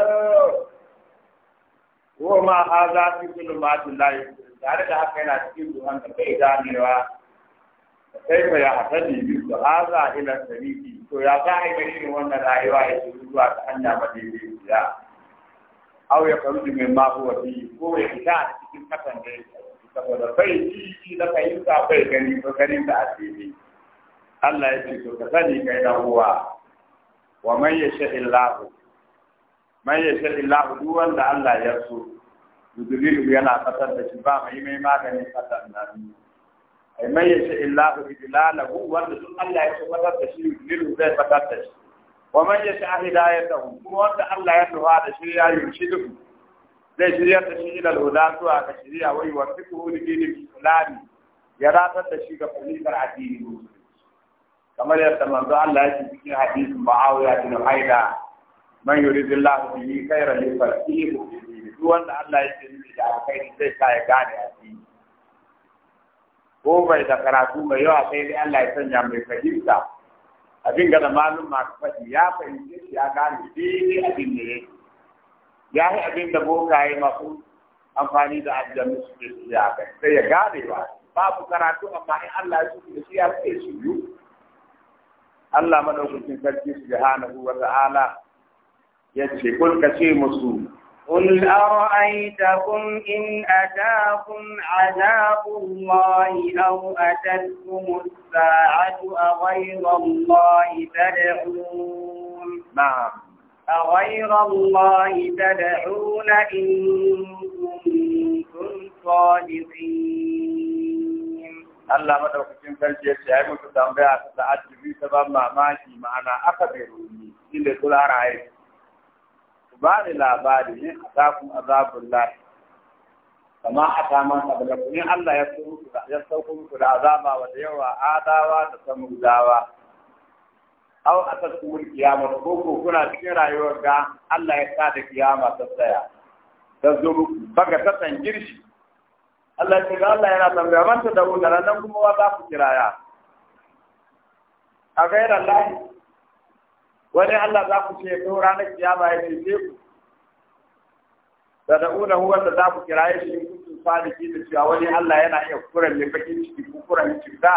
Speaker 2: ko ma haza fi zulumatin layi tare da haka yana cikin duhan da bai ganewa sai ba ya hasali bi su haza ila sariki to ya za a yi irin wannan rayuwa ya ci zuwa ta hanya ba daidai ya aw ya karu min ma huwa fi ko ya fita a cikin kasan da saboda bai ji shi da yi sa bai gani ba ganin da a asiri Allah ya ce to ka sani kai dan uwa wa man yasha illahu man ce illa duk wanda Allah ya so yudrilu yana fatar da shi ba mai mai maganin fatar da shi ai man yasha illahu idlalahu wanda duk Allah ya so fatar da shi yudrilu zai fatar da shi wa man yasha hidayatahu kuma wanda Allah ya duwa da shi ya shi duk zai shirya da shi ila huda zuwa ga shirya wai wa fiqhu lidin islami ya ratar da shi ga fahimtar addini kamar yadda manzo Allah ya ce cikin hadisin Muawiya bin Haida man yuridillahu bihi yi li farqihi duk wanda Allah ya ce miki da alkhairi zai sa ya gane a ciki ko bai da karatu mai yawa sai dai Allah ya sanya mai fahimta abin ga da malum ma faɗi ya fahimce shi ya gane daidai abin da yake ya yi abin da yi masu amfani da aljannu su ke su ya kai sai ya gane ba babu karatu amma in Allah ya suke shi ya suke shi Allah madaukakin sarki subhanahu wa ta'ala yace kul kace musu قل
Speaker 1: أرأيتكم إن أتاكم عذاب الله أو أتتكم الساعة أغير الله تدعون نعم أغير الله تدعون إن كنتم
Speaker 2: صادقين الله ما دوكتين فرجي الشعب وتتنبيه تتعجبي سبب ما ماشي معنا أخبروني إلا كل أرأيتكم ku ba ni labari ne a azabun lahi kama a taman kabila ne Allah ya sauko ya muku da azaba wa da yawa adawa da samun samudawa aw atakumul kiyama ko ko kuna cikin rayuwar ga Allah ya sa da kiyama ta tsaya ta zo baka ta san girshi Allah ya ga Allah yana tambaya manta da da nan kuma wa za ku kiraya a gairar lahi wani Allah za ku ce ko ranar kiyama ya ce ku da da'una huwa da za ku kiraye shi in kuntum sadiki da cewa wani Allah yana iya kuran ne bakin ciki ko kuran cuta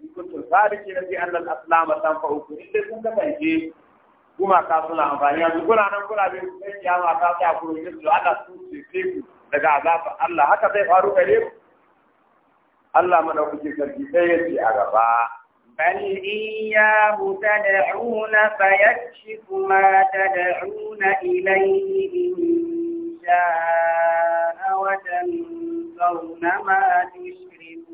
Speaker 2: in kuntum sadiki na Allah al aslama san fa ku inda kun ga kanke kuma ka suna amfani yanzu kuna nan kuna bin ya kiyama ka ta kuro ne su Allah su ce ku daga azaba Allah haka zai faru gare ku Allah mana kuke sarki sai ya ce a gaba
Speaker 1: بل إياه تدعون فيكشف ما تدعون إليه إن شاء وتنظرون ما تشركون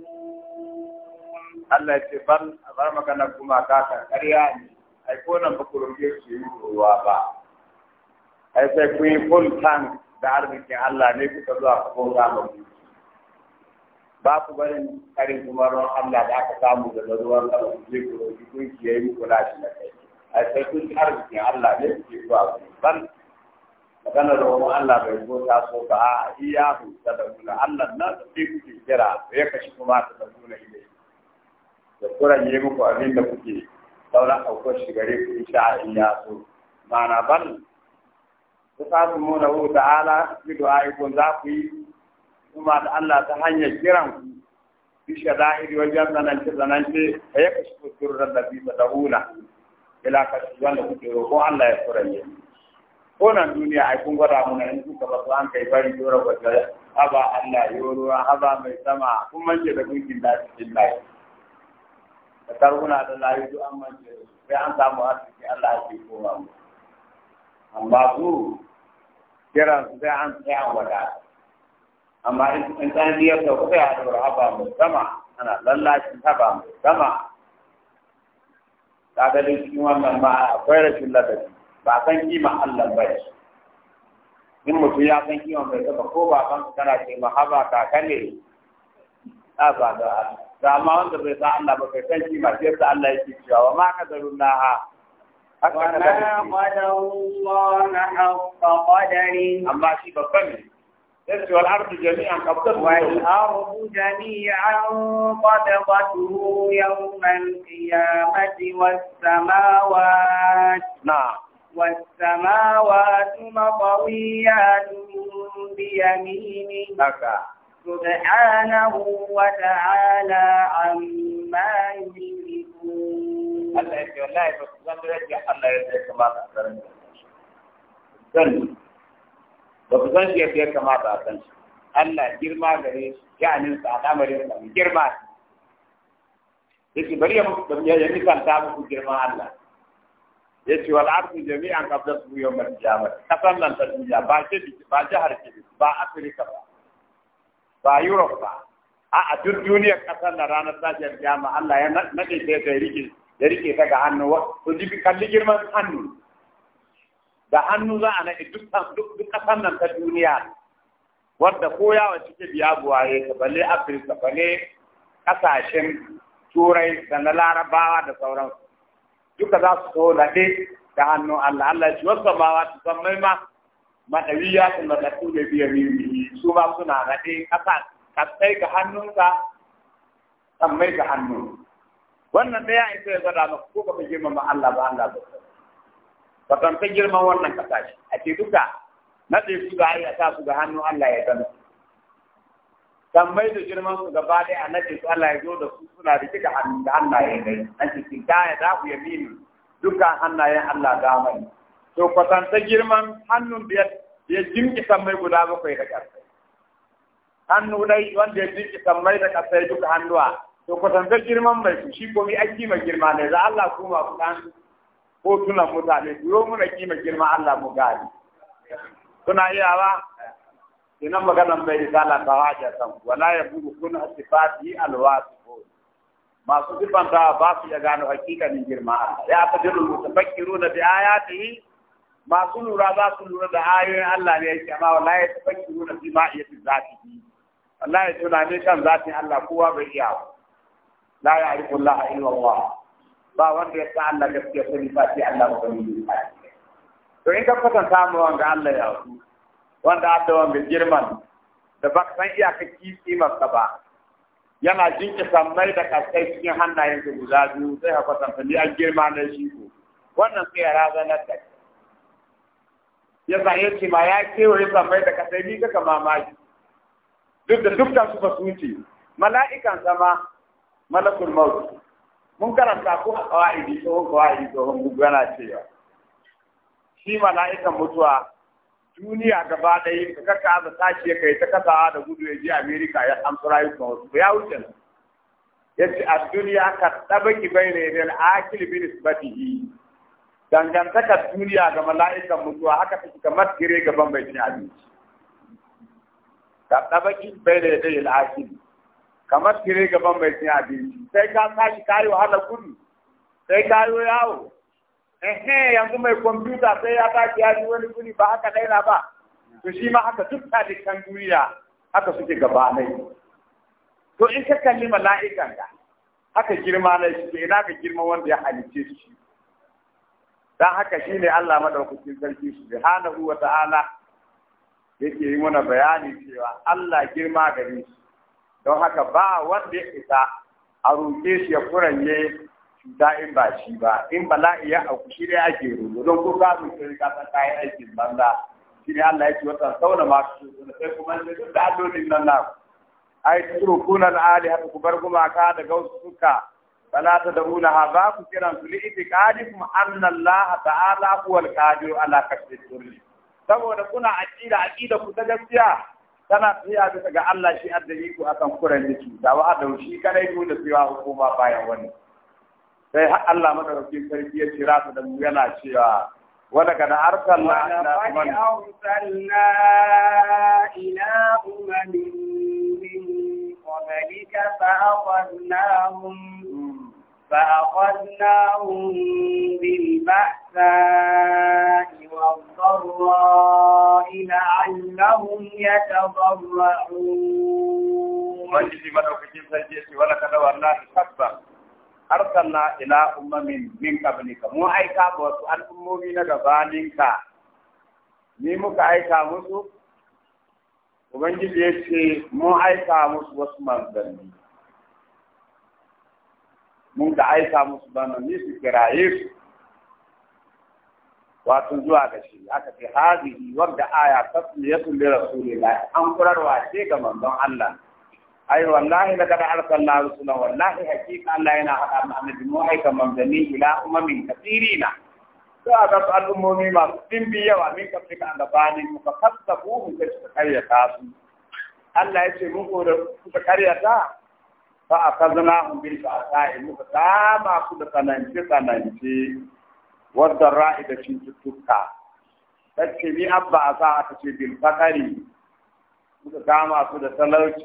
Speaker 2: الله يتفل أظلمك أنكما كاكا كرياني أيكونا بكرم يشيء وابا أيكونا بكرم يشيء وابا أيكونا بكرم يشيء وابا da arzikin Allah ne kuka zuwa ka bauta ma ba ku barin karin kuma ruwan Allah da aka samu daga ruwan sama ku je ku roƙi kun kiyaye muku shi na kai a sai kun ci arzikin Allah ne ku ke zuwa ku ban magana ruwan Allah bai zo ta so ba a iya ku ta da nuna Allah na da sai ku ke kira ya kashi kuma ta da nuna ilai da kuran yi muku abin da kuke sauran aukar shi gare ku insha Allah so ma'ana ban ku samu mu na ala bi du'a ikon za ku yi kuma da Allah ta hanyar kiran ku bi shada'iri wajen zanance zanance da ya kashi kusurar da bisa da hula ila kashi wanda kuke roƙo Allah ya furanye ko nan duniya ai kun gwada mu nan in ba su an kai bari dora gwada, haba Allah ya ruwa haba mai sama kun manje da gunkin da cikin layi da tarhuna da layi duk an manje sai an samu arziki Allah ya ke koma mu amma ku kiran sai an tsaya wadata amma in tsanani ya kuma ya haɗa haba mu sama ana lallashin haba mu sama kaga dai cikin wannan ba akwai rashin ladabi ba san kima Allah ba ya in mutum ya san kima mai sama ko ba san kana ce ma haba kaka ne a ba da da amma wanda bai san Allah ba kai san kima sai sa Allah yake cewa wa ma ka zaru na ha
Speaker 1: Allah na haqqa qadari amma shi babban ne الشمس والأرض جميعا قبضته والأرض جميعا قبضته يوم القيامة والسماوات نعم والسماوات مطويات بيمينه سبحانه وتعالى عما يشركون الله يجزي والله بس الله يجزي الله يجزي كما تقدر
Speaker 2: ba ku san shi yadda ya kamata a san shi Allah girma gare ya sha'anin sa al'amarin sa girma yake bari ya muku ya misalta muku girma Allah ya ce wal ardu jami'an qabla su yawm al-qiyamah kasan nan ta duniya ba ce ba jihar ce ba Afirka ba ba Europe ba a a duk duniya kasan na ranar tashiyar kiyama Allah ya nade ta ya rike ya rike ta ga hannu wa ku ji kalli girman hannu da hannu za a naɗe duk ƙasar nan ta duniya wadda ko yawa cike biya buwaye ta balle afirka balle ƙasashen turai da na larabawa da sauransu duka za su so naɗe da hannu allah allah shi wasu bawa su san mai ma maɗawiya su naɗaɗu da biya mimi su ma suna naɗe ƙasa kasai ga hannunsa san mai ga hannu wannan ɗaya isa ya gwada maka ko ba ka girmama allah ba allah ba ta girma wannan kasashe a ce duka naɗe su ga a sa su ga hannu Allah ya gano tambayi da girman su gaba dai a naɗe su Allah ya zo da su suna da kika hannu da Allah ya gai an ce kin kaya za ku yamini dukkan hannayen Allah ga mai to ta girman hannun da ya jinki tambayi guda bakwai da ƙarfi hannu dai wanda ya jimki tambayi da ƙarfi duka hannuwa to ta girman mai shi komai aiki mai girma ne za Allah kuma ku ɗan Ko tuna mutane duro muna kima girma Allah mu gadi. kuna iya ba ina magana mai risala ta haja san wala ya bugu kuna sifati su masu ta ba su ya gano ni girma ya ta tajirul mutafakkiruna bi ayatihi masu lura za su lura da ayoyin Allah ne yake amma wala ya tafakkiru fi ma'iyati zatihi wallahi tunani kan zatin Allah kowa bai iya la ya'rifu Allah illa Allah ba wanda ya sa Allah gaskiya sani ba sai Allah ba ne to in ka kwatanta samu wanga Allah ya su wanda adda wanga girman da ba ka san iyaka kimar masa ba yana jinki sammai da kaskai cikin hannayen ka guda biyu sai ka kwatanta ni an girma na shi ko wannan sai ya razanar da ya sa ya ce ma ya kewaye sammai da kaskai ni kaka mamaki duk da dukkan su ba mala'ikan sama malakul maut mun karanta ko a kawai tsohon kawai tsohon gugu yana cewa shi mala'ikan mutuwa duniya gaba ɗaya ka kaka aza tashi ya kai ta kasa da gudu ya je america ya amsa rayukan wasu ya wuce nan ya ce a duniya ka ɗaba ki bai ne da akil bin isbatihi dangantaka duniya ga mala'ikan mutuwa haka take kamar gire gaban bai ci abinci ka ɗaba ki bai ne da akil kamar kire gaban mai a abinci sai ka tashi kayi wahala gudu sai kayo yawo ehe yanzu mai kwamfuta sai ya tashi ya ji wani guri ba haka daina ba to shi ma haka duk kan duniya haka suke gaba to in ka kalli mala'ikan ka haka girma na shi ina ka girma wanda ya halice shi dan haka ne Allah madaukakin sarki subhanahu wa ta'ala yake yi mana bayani cewa Allah girma gare shi don haka ba wanda ya isa a roƙe shi ya kuranye cuta in ba shi ba in bala'i ya auku shi dai ake roƙo don ko ka roƙe ka san kayan aikin banza shi ne Allah ya ce wata sauna ma su sai kuma ne duk da allolin nan na ai turukuna al'ali haka ku bar ka da gausu suka fala ta da ha ba ku kiran su kuma anna Allah ta'ala huwal qadir ala kasbi saboda kuna aqida aqida ku ta gaskiya tana tsaya bisa ga Allah shi addali ku akan kuran da da wa da shi kadai ku da tsaya hukuma bayan wani sai Allah madaraki sarki ya ci rasa da yana cewa wanda kana arsalna
Speaker 1: ila kuma qablika fa فأخذناهم بالبأساء والضراء لعلهم يتضرعون.
Speaker 2: مجلس مدوكتين سجيسي ولقد ورنا الحق arsalna ila ummamin min qablika mu aika ba wasu al'ummomi na gabaninka ni muka aika musu ubangiji ya ce mu aika musu wasu manzanni mun ka aisa musu banoni su kiraye su wato zuwa ga shi aka ce hazihi wadda aya tasliyatun li rasulillah an kurarwa ce ga manzon Allah ai wallahi da kada arsalna rusulan wallahi hakika Allah yana hada mu annabi mu aika manzanni ila umamin kathirina to aka su al'ummomi masu dimbi yawa min kafin ka annabanin muka kasabu mun ka ta su Allah ya ce mun ko da kuka karyata fa akazna bil ba'sa'i muka kama su da tsananci tsananci wadda ra'i da cututtuka tace ni abba a aka ce bil fakari muka kama su da talauci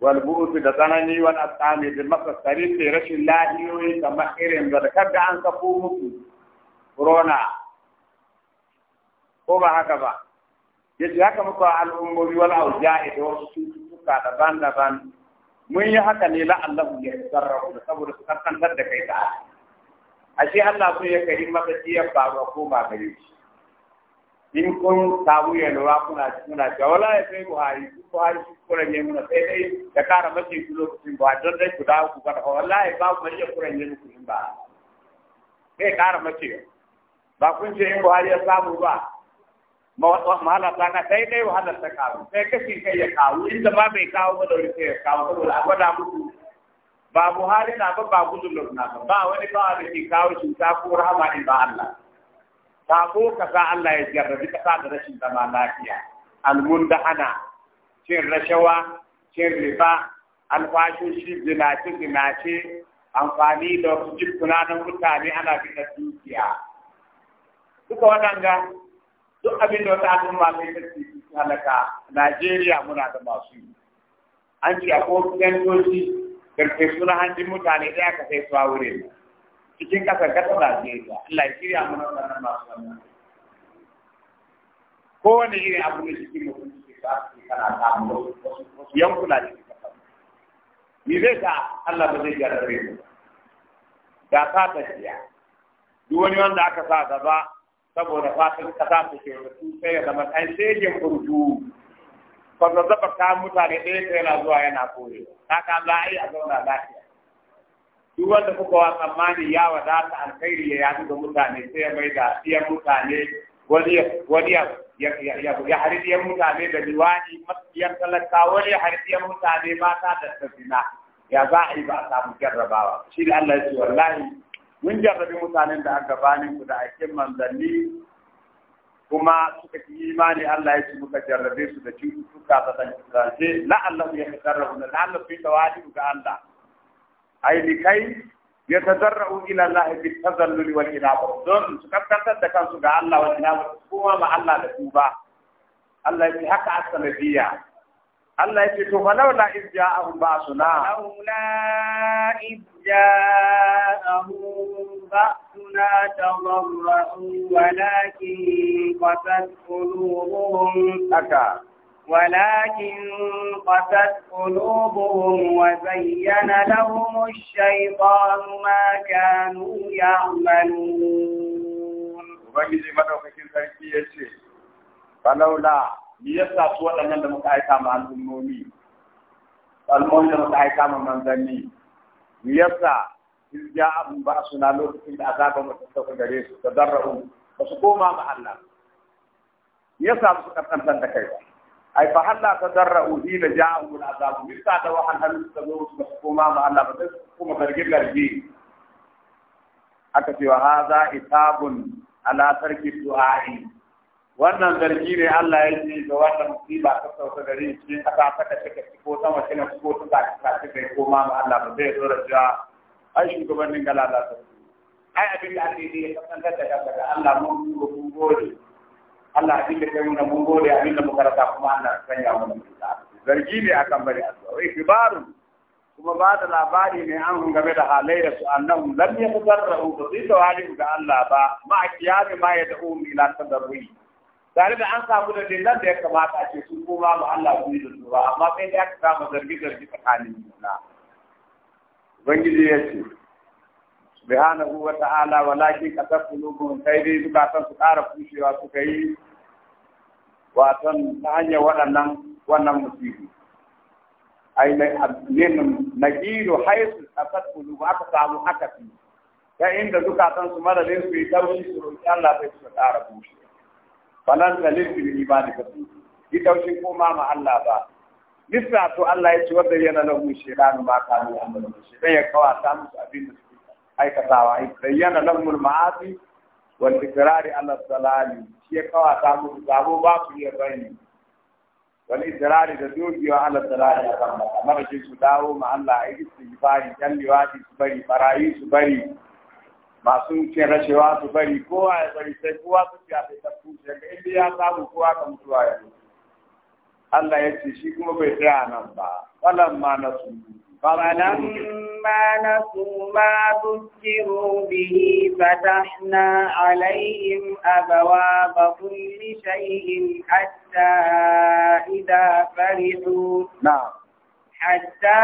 Speaker 2: wal bu'd da tsanani wal asami da makasari da rashin lahiyoyi kamar irin da kaga an kafo muku corona ko ba haka ba yace haka muka al'ummomi wal auja'i da wasu cututtuka daban-daban mun yi haka ne la'allahu ya sarrafu da saboda su kaskantar da kai ta ashe Allah sun ya kari masa ya faruwa ko ba gare shi in kun samu yalwa kuna kuna cewa wala ya sai buhari kun buhari shi kuren ne muna sai dai da kara mace ku lokacin ba don dai ku dawo ku kada wallahi ba mai mace kuren ne muku in ba sai kara mace ba kun ce in buhari ya samu ba mahalata na sai dai wahalar ta kawo sai kashi kai ya kawo inda ba bai kawo ba dauri sai ya kawo saboda a gwada musu ba buhari na ba ba gudun na ba ba wani ba da ke kawo ta ko rahama in ba Allah sako ka sa Allah ya jarra ka sa da rashin zama lafiya almun da cin rashawa cin riba alfashoshi zinace zinace amfani da wasu jikuna mutane ana bin dukiya duka waɗanga duk abin da wata al'umma ta yi tafi halaka Najeriya muna da masu yi an ce a ɗan doji karfe suna hanji mutane ɗaya ka kai suwa wurin cikin ƙasar ƙasar Najeriya Allah ya shirya mana wannan masu wannan kowane irin abu da cikin mutum cikin ba su kana samu wasu yankuna cikin ƙasar ni zai sa Allah ba zai gyara rai ba da ta tafiya duk wani wanda aka sa gaba saboda fatan kasa su ke rutu sai ya zama ɗan shegen burdu kwanza zaba ta mutane ɗaya ta yana zuwa yana kore haka za a yi a zauna lafiya duk wanda kuka wa tsammani ya wadata alkhairi ya yadu da mutane sai ya mai da ɗiyan mutane wani ya hari ɗiyan mutane da liwani matsiyar talaka wani ya hari ɗiyan mutane mata da tafina ya za a yi ba a samu jarrabawa shi da Allah ya ce wallahi mun jarrabi mutanen da aka bani ku da aikin manzanni kuma suka yi imani Allah ya ce muka jarrabe su da cututtuka ta la Allah ya da Allah fi tawadi ga Allah ai ni kai ya tadarrabu ila Allah bi tazallul wal inaba don su kaskantar da kansu ga Allah wa ina kuma ma Allah da tuba Allah ya haka asalabiya الله يفتحوا فلولا إذ جاءهم بأسنا
Speaker 1: لولا إذ جاءهم بأسنا تضرعوا ولكن قتت قلوبهم أكا ولكن قست قلوبهم وزين لهم الشيطان ما كانوا يعملون.
Speaker 2: فلولا me yasa su waɗannan da muka aika ma al'ummomi al'ummomi da muka aika ma manzanni me yasa in ja abin ba su na lokacin da azaban mu ta gare su da darra'u ba su koma ma Allah me yasa su kaskantar da kai ba ai fa halla ta darra'u hi da ja'u al azabu me yasa da wahan su ta zo su ba su koma ma Allah ba sai su koma zargin garbi aka ce wa hadha itabun ala tarki du'a'i wannan zargi ne Allah ya ce ga wannan musiba ta sauka gare shi ta ka saka take ko sama ne ko ta ta ta kai ko ma Allah ba zai tsora ja ai shugabannin galala ta ai abin da ake yi san da daga Allah mun mun gode Allah ya dinga kai mun mun gode abin da muka rasa kuma Allah ya sanya mu zargi ne akan bari addu'a wai kibarun kuma ba da labari ne an game da halai da su annahu lam yatarra'u bi tawali ga Allah ba ma kiyami ma yad'u ila tadarrui tare da an samu da dillan da ya kamata a ce su koma ma Allah su yi da ba, amma sai da aka samu zargi-zargi tsakanin juna ubangiji ya ce subhanahu wa ta'ala walakin qasat qulubuhum kai dai san su ƙara kushewa su yi watan ta hanyar waɗannan wannan musibi ai min nagiru haisu qasat qulubu aka samu fi, ta inda san su madadin su yi tarbi su roƙi Allah sai su ƙara kushewa falan zalil bil imani ka ki daushin koma ma Allah ba lissa to Allah ya ci wanda yana lahu shaytanu ma kanu amalu dai ya kawa ta musu abin da suke aikatawa bayyana lahumul ma'asi wal ikrari ala salali shi ya kawa ta musu zabo ba ku iya bayani wal ikrari da dogiwa ala salali akan mara shi su dawo ma Allah a yi istighfari kalliwa su bari barayi su bari masu cin rashewa su bari kowa ya bari sai kowa su fiya sai ta kuce ga inda ya samu kowa ka mutuwa ya mutu Allah ya ce shi kuma bai tsaya nan ba falan ma na
Speaker 1: su فلما نسوا ما ذكروا به فتحنا عليهم أبواب كل شيء حتى إذا فرحوا نعم حتى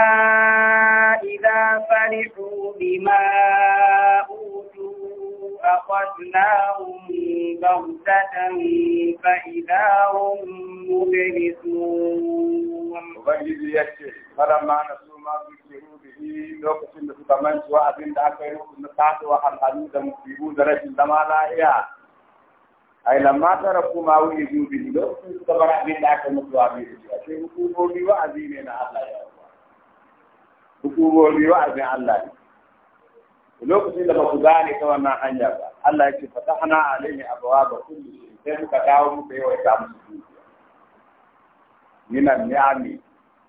Speaker 1: إذا فرحوا بما أوتوا أخذناهم بغتة فإذا هم مبلسون. وبنجي يكفي فلما
Speaker 2: نسوا ما ذكروا به لوكس المسلمين سواء بين ذاك يوم النصارى وحرقوا دم في بوزرة دمالا ai lamma tara ma wuri dubi da su ka bar abin da aka mutu a biyu da sai hukumomi wa'azi ne na Allah ya hukumomi wa'azin Allah ne lokacin da ba ku gane ta wannan hanya ba Allah ya ce fatahna alaihi abwaaba kulli sai ka dawo muka yawa ta musu dukiya minan ni'ami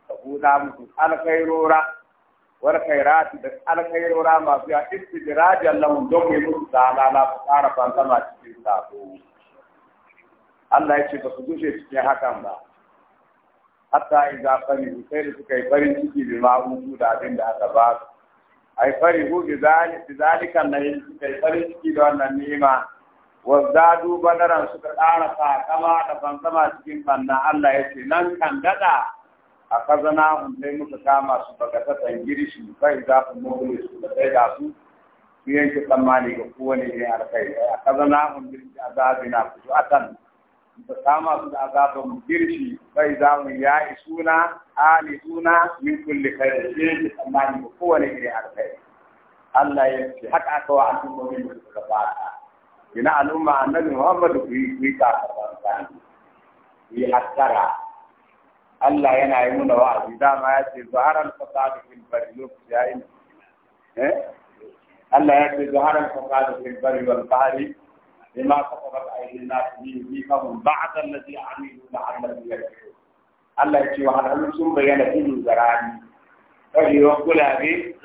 Speaker 2: ka buɗa musu alkhairora war khairati da alkhairora masu ya istijrajal lahum don mai musu dalala ku fara fantama cikin sabo Allah ya ce ba su gushe cikin hakan ba hatta idza farihu sai da suka yi farin ciki bi hutu da abin da aka ba su A yi fari farihu bi zalikan na yin suka yi farin ciki da wannan ni'ima wa zadu badaran suka ƙara kama da fansama cikin banna Allah ya ce nan kan daɗa a kazana un sai muka kama su baka tatan girishi kai za ku mobile su da sai da su su yanke tsammani ga kowane ne kai a kazana un bin fito a kan da kama su da mu girshi bai za mu ya isuna ali suna min kulli khair shi amma ni kowane iri alkhairi Allah ya ce haka aka wa min da suka fata ina al'umma annabi Muhammadu ku yi ku yi kafara ku yi hattara Allah yana yi muna wa'azi dama ya ce zaharar fasadu fil bari lokaci ya yi eh? Allah ya ce zaharar fasadu fil bari wal bahari لما تقبل أي الناس من فيهم بعد الذي عملوا لعلهم يرجعون الله يجوعنا من ثم بين كل زراعي أي رجل أبي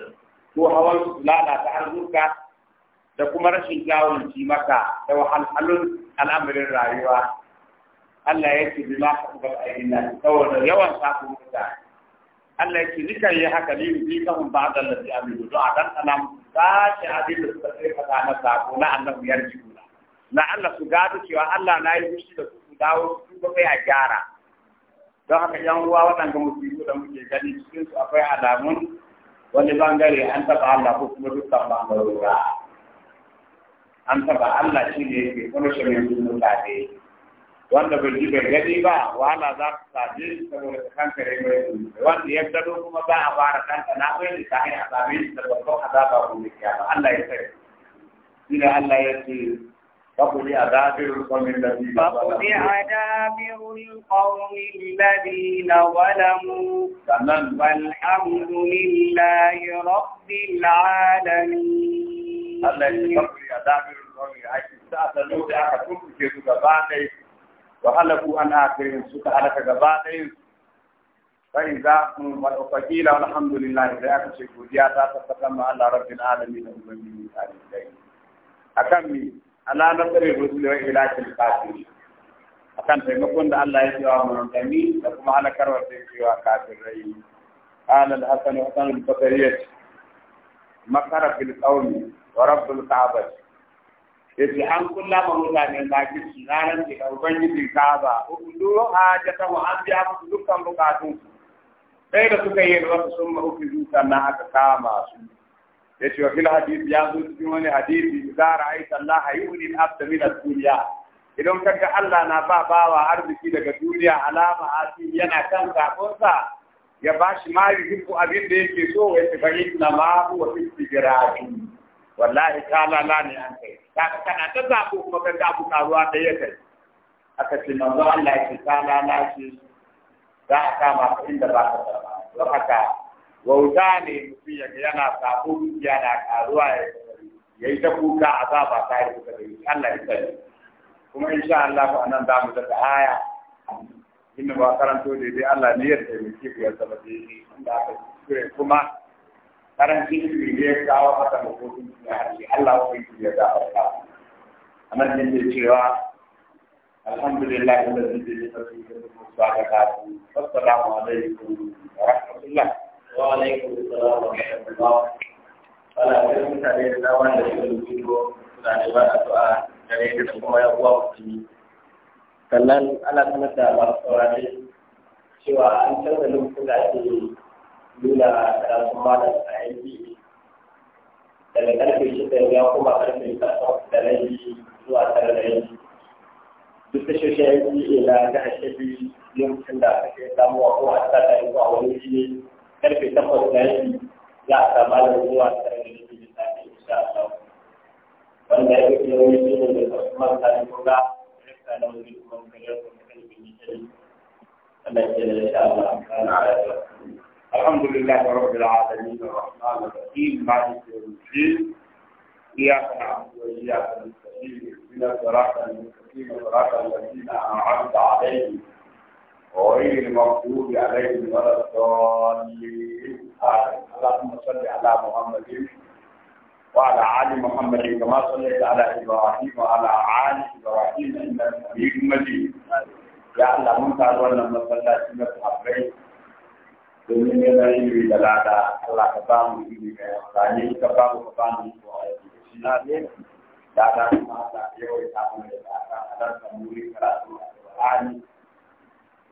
Speaker 2: هو حوال لا لا تعرفك تقوم رشيد لا ونجمك لو حل حل الأمر الرأي الله يجي بما تقبل أي الناس لو يوم سافر الله يجي لك يا حكمي فيهم بعد الذي عملوا لعلهم أنا ذات هذه الصفات أنا سافر أنهم يرجعون Na Allah su gado cewa Allah na yi fushi da su dawo su ba kai a gyara don haka yan uwa waɗanda musulmi da muke gani cikin su akwai alamun wani bangare an taɓa Allah ko kuma dukkan bangarora an taɓa Allah shi ne ke kuma shirin mutane wanda bai ji bai gani ba wahala za su same shi saboda ta kankare mai wanda ya gado kuma ba a fara kanka na bai ta hanyar same shi da babban azaba ko mai kiyama Allah ya tsare shi Allah ya ce فقل دابر القوم الذين فقطع
Speaker 1: ظلموا والحمد لله رب العالمين وهلكوا
Speaker 2: أن آخرهم سكا هلك تبعني فإذا وقيل والحمد لله إذا أكشف وجاء تتكلم على رب العالمين ومن العالمين أكمل ala nasarar rusul wa ilakil kafiri akan taimakon da Allah ya cewa manzanni da kuma halakarwa sai cewa kafirai قال الحسن حسن البصري مكر في القوم ورب الكعبة yace an kulla ma mutane na kirki ranar da ubangijin kaba ubudu ta wa an biya musu dukkan bukatun
Speaker 1: sai da suka yi wasu sun
Speaker 2: ma uku sannan aka kama su yace fil hadith ya zo cikin wani hadisi za ra'aita Allah hayuni al-abda min ad-dunya idan kaga Allah na ba bawa arziki daga duniya alama asi yana kan zakonsa ya bashi ma yuhibbu abin da yake so ya tafi inna ma huwa fi istigrari wallahi ta'ala la ne an kai kaga kana ta zabo kuma kaga abu karuwa da yake aka ce manzo Allah ya ta'ala la ce za a kama inda ba ka tsara don haka wauta ne mutum ya yana sabo dukiya na karuwa ya yi ta kuka a ta yi kuka da yi Allah ya sani kuma insha Allah nan za mu daga aya inda ba karanto dai-dai Allah ne ya taimake ku ya zama daidai inda aka kure kuma ne ya kawo haka mutum ya harshe Allah ya yi ya zaɓa a nan ne cewa الحمد لله الذي بنعمته تتم الصالحات والسلام wa alaikum salam kai da dama da suka da da kuma ya sannan ana sanar da masu cewa an canza lokacin da ake nuna karatun malam a yanki daga karfe shida ya kuma karfe takwas da rabi zuwa tara da rabi duk da shoshe ya yi ga ashebi lokacin da ake samuwa ko a tsaka zuwa wani jini karfe takwas da yanki za a samu da zuwa tsarin da ke da insha Allah wanda ya fi yawon shi ne da Usman Sani Koga rikta na wuri kuma kare kuma kan bin shi Allah ya da insha Allah kana الحمد لله رب العالمين الرحمن الرحيم مالك يوم الدين إياك نعبد وإياك نستعين اهدنا الصراط المستقيم صراط الذين أنعمت عليهم غير مغضوب عليهم A الضالين اللهم صل على محمد وعلى ال محمد كما صليت على ابراهيم وعلى ال ابراهيم انك حميد مجيد يا الله من تعرفنا ما صلى سنة حبيت dominia dari wilada Allah kebang di dunia tadi kebang kebang di suara di sinarnya datang masa dewa yang kamu datang dan kemudian kerasulah kebahagiaan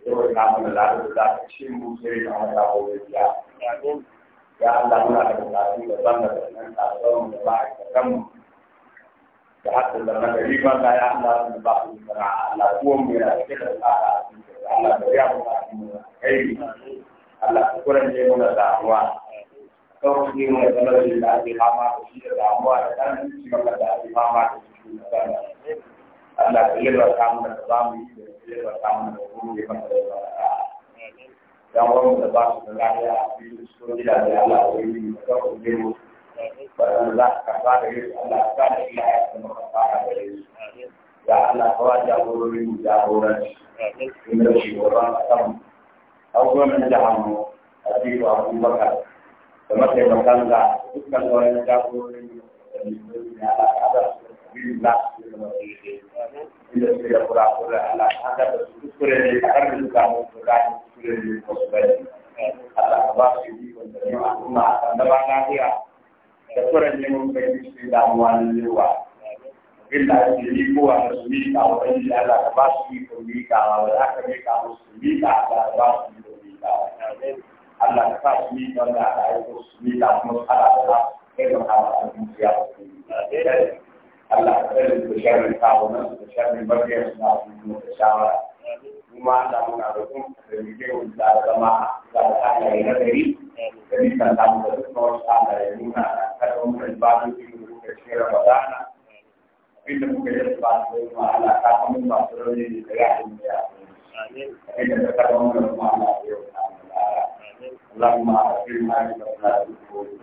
Speaker 2: saboda na mana da ka ce mu sai na mana gobe ya ya Allah muna da bukatu da banda da nan da sauran da ba a kan da hatta da na gari ba da ya Allah da ba su da Allah ko mu yana da tsara Allah da ya mu kai Allah ku kuran ne muna da ruwa kawai ne mu da da ake fama da shi da damuwa da dan shi maka da ake fama da shi da Allah ka yalwa ta mu da ba mu yi yalwa ta mu da kuma ya fara da dan wannan da ba su da lafiya a cikin su gida da Allah ya yi da ka ku ba ka da ka ya fara yi ya Allah ka wajen jagorori mu jagoranci inda shi goran a kan abubuwan da hannu a cikin abubakar da mataimakan da dukkan wani jagorori mu da mutum ya Allah ka inda suke da kura-kura Allah ta da su a ƙarfi su yi yi yi yi yi Allah ya tsare da sharrin kawunan da sharrin barkiyar suna abubuwan da shawara kuma Allah muna da kun da muke wuce a zama da halaye na gari da nisan samu da duk wasu halaye nuna kada mun kai ba su cikin da shi Ramadana un muka yi ba su ma Allah ka kuma ba su rauni da ya yi ya inda ka kada mun da kuma Allah ya yi wa la اللهم أعطنا ما يمكننا من قوة